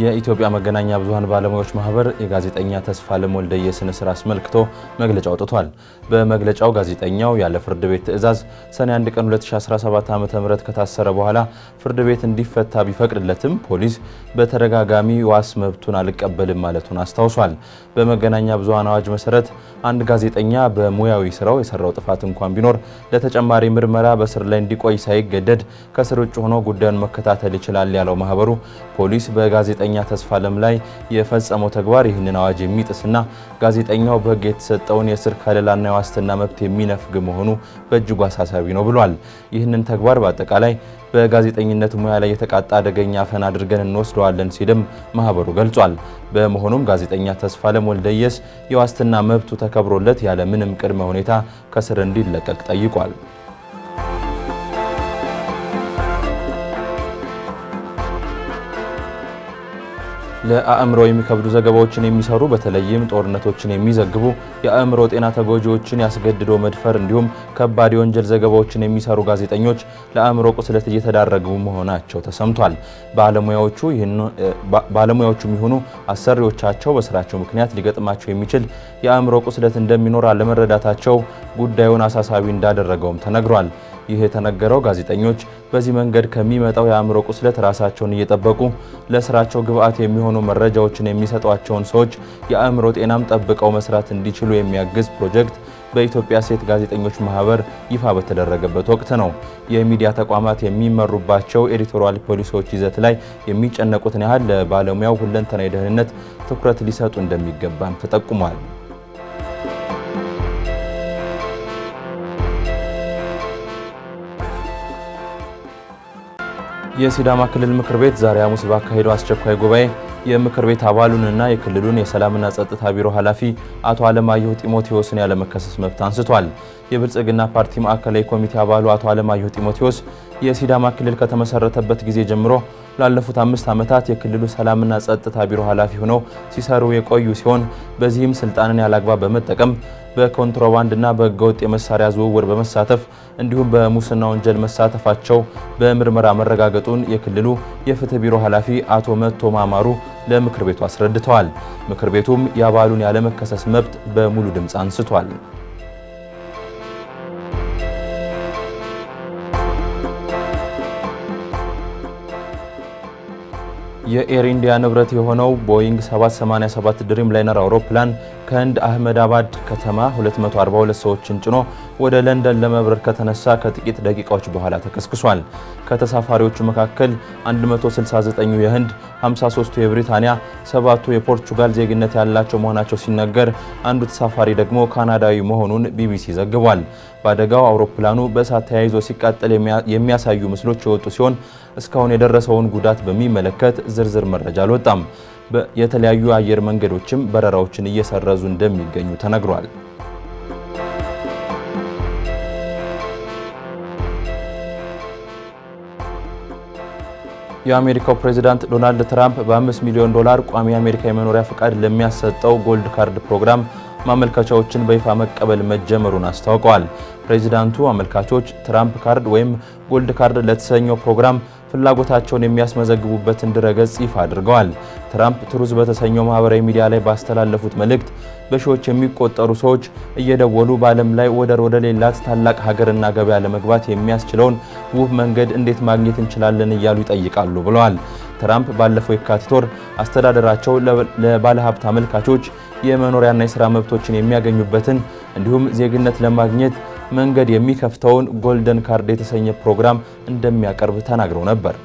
የኢትዮጵያ መገናኛ ብዙሃን ባለሙያዎች ማህበር የጋዜጠኛ ተስፋለም ወልደየስን እስር አስመልክቶ መግለጫ አውጥቷል። በመግለጫው ጋዜጠኛው ያለ ፍርድ ቤት ትዕዛዝ ሰኔ 1 ቀን 2017 ዓ ም ከታሰረ በኋላ ፍርድ ቤት እንዲፈታ ቢፈቅድለትም ፖሊስ በተደጋጋሚ ዋስ መብቱን አልቀበልም ማለቱን አስታውሷል። በመገናኛ ብዙሃን አዋጅ መሰረት አንድ ጋዜጠኛ በሙያዊ ስራው የሰራው ጥፋት እንኳን ቢኖር ለተጨማሪ ምርመራ በስር ላይ እንዲቆይ ሳይገደድ ከስር ውጭ ሆኖ ጉዳዩን መከታተል ይችላል ያለው ማህበሩ ፖሊስ በጋዜ ጋዜጠኛ ተስፋ አለም ላይ የፈጸመው ተግባር ይህንን አዋጅ የሚጥስና ጋዜጠኛው በሕግ የተሰጠውን የስር ከለላና የዋስትና መብት የሚነፍግ መሆኑ በእጅጉ አሳሳቢ ነው ብሏል። ይህንን ተግባር በአጠቃላይ በጋዜጠኝነት ሙያ ላይ የተቃጣ አደገኛ አፈና አድርገን እንወስደዋለን ሲልም ማህበሩ ገልጿል። በመሆኑም ጋዜጠኛ ተስፋ አለም ወልደየስ የዋስትና መብቱ ተከብሮለት ያለምንም ቅድመ ሁኔታ ከስር እንዲለቀቅ ጠይቋል። ለአእምሮ የሚከብዱ ዘገባዎችን የሚሰሩ በተለይም ጦርነቶችን የሚዘግቡ የአእምሮ ጤና ተጎጂዎችን ያስገድዶ መድፈር እንዲሁም ከባድ የወንጀል ዘገባዎችን የሚሰሩ ጋዜጠኞች ለአእምሮ ቁስለት እየተዳረጉ መሆናቸው ተሰምቷል። ባለሙያዎቹም ይሁኑ አሰሪዎቻቸው በስራቸው ምክንያት ሊገጥማቸው የሚችል የአእምሮ ቁስለት እንደሚኖር አለመረዳታቸው ጉዳዩን አሳሳቢ እንዳደረገውም ተነግሯል። ይህ የተነገረው ጋዜጠኞች በዚህ መንገድ ከሚመጣው የአእምሮ ቁስለት ራሳቸውን እየጠበቁ ለስራቸው ግብዓት የሚሆኑ መረጃዎችን የሚሰጧቸውን ሰዎች የአእምሮ ጤናም ጠብቀው መስራት እንዲችሉ የሚያግዝ ፕሮጀክት በኢትዮጵያ ሴት ጋዜጠኞች ማህበር ይፋ በተደረገበት ወቅት ነው። የሚዲያ ተቋማት የሚመሩባቸው ኤዲቶሪያል ፖሊሲዎች ይዘት ላይ የሚጨነቁትን ያህል ለባለሙያው ሁለንተና የደህንነት ትኩረት ሊሰጡ እንደሚገባም ተጠቁሟል። የሲዳማ ክልል ምክር ቤት ዛሬ ሐሙስ ባካሄደው አስቸኳይ ጉባኤ የምክር ቤት አባሉንና የክልሉን የሰላምና ጸጥታ ቢሮ ኃላፊ አቶ አለማየሁ ጢሞቴዎስን ያለመከሰስ መብት አንስቷል። የብልጽግና ፓርቲ ማዕከላዊ ኮሚቴ አባሉ አቶ አለማየሁ ጢሞቴዎስ የሲዳማ ክልል ከተመሰረተበት ጊዜ ጀምሮ ላለፉት አምስት ዓመታት የክልሉ ሰላምና ጸጥታ ቢሮ ኃላፊ ሆነው ሲሰሩ የቆዩ ሲሆን በዚህም ስልጣንን ያላግባብ በመጠቀም በኮንትሮባንድና በህገወጥ የመሳሪያ ዝውውር በመሳተፍ እንዲሁም በሙስና ወንጀል መሳተፋቸው በምርመራ መረጋገጡን የክልሉ የፍትህ ቢሮ ኃላፊ አቶ መቶ ማማሩ ለምክር ቤቱ አስረድተዋል። ምክር ቤቱም የአባሉን ያለመከሰስ መብት በሙሉ ድምፅ አንስቷል። የኤር ኢንዲያ ንብረት የሆነው ቦይንግ 787 ድሪም ላይነር አውሮፕላን ከህንድ አህመድ ከተማ 242 ሰዎችን ጭኖ ወደ ለንደን ለመብረር ከተነሳ ከጥቂት ደቂቃዎች በኋላ ተከስክሷል። ከተሳፋሪዎቹ መካከል 169ኙ የህንድ፣ 53ቱ የብሪታንያ፣ ሰባቱ የፖርቹጋል ዜግነት ያላቸው መሆናቸው ሲነገር፣ አንዱ ተሳፋሪ ደግሞ ካናዳዊ መሆኑን ቢቢሲ ዘግቧል። በአደጋው አውሮፕላኑ በእሳት ተያይዞ ሲቃጠል የሚያሳዩ ምስሎች የወጡ ሲሆን እስካሁን የደረሰውን ጉዳት በሚመለከት ዝርዝር መረጃ አልወጣም። የተለያዩ አየር መንገዶችም በረራዎችን እየሰረዙ እንደሚገኙ ተነግሯል። የአሜሪካው ፕሬዚዳንት ዶናልድ ትራምፕ በ5 ሚሊዮን ዶላር ቋሚ የአሜሪካ የመኖሪያ ፍቃድ ለሚያሰጠው ጎልድ ካርድ ፕሮግራም ማመልከቻዎችን በይፋ መቀበል መጀመሩን አስታውቀዋል። ፕሬዚዳንቱ አመልካቾች ትራምፕ ካርድ ወይም ጎልድ ካርድ ለተሰኘው ፕሮግራም ፍላጎታቸውን የሚያስመዘግቡበትን ድረገጽ ይፋ አድርገዋል። ትራምፕ ትሩዝ በተሰኘው ማህበራዊ ሚዲያ ላይ ባስተላለፉት መልእክት በሺዎች የሚቆጠሩ ሰዎች እየደወሉ በዓለም ላይ ወደር ወደ ሌላት ታላቅ ሀገርና ገበያ ለመግባት የሚያስችለውን ውብ መንገድ እንዴት ማግኘት እንችላለን እያሉ ይጠይቃሉ ብለዋል። ትራምፕ ባለፈው የካቲት ወር አስተዳደራቸው ለባለሀብት አመልካቾች የመኖሪያና የሥራ መብቶችን የሚያገኙበትን እንዲሁም ዜግነት ለማግኘት መንገድ የሚከፍተውን ጎልደን ካርድ የተሰኘ ፕሮግራም እንደሚያቀርብ ተናግረው ነበር።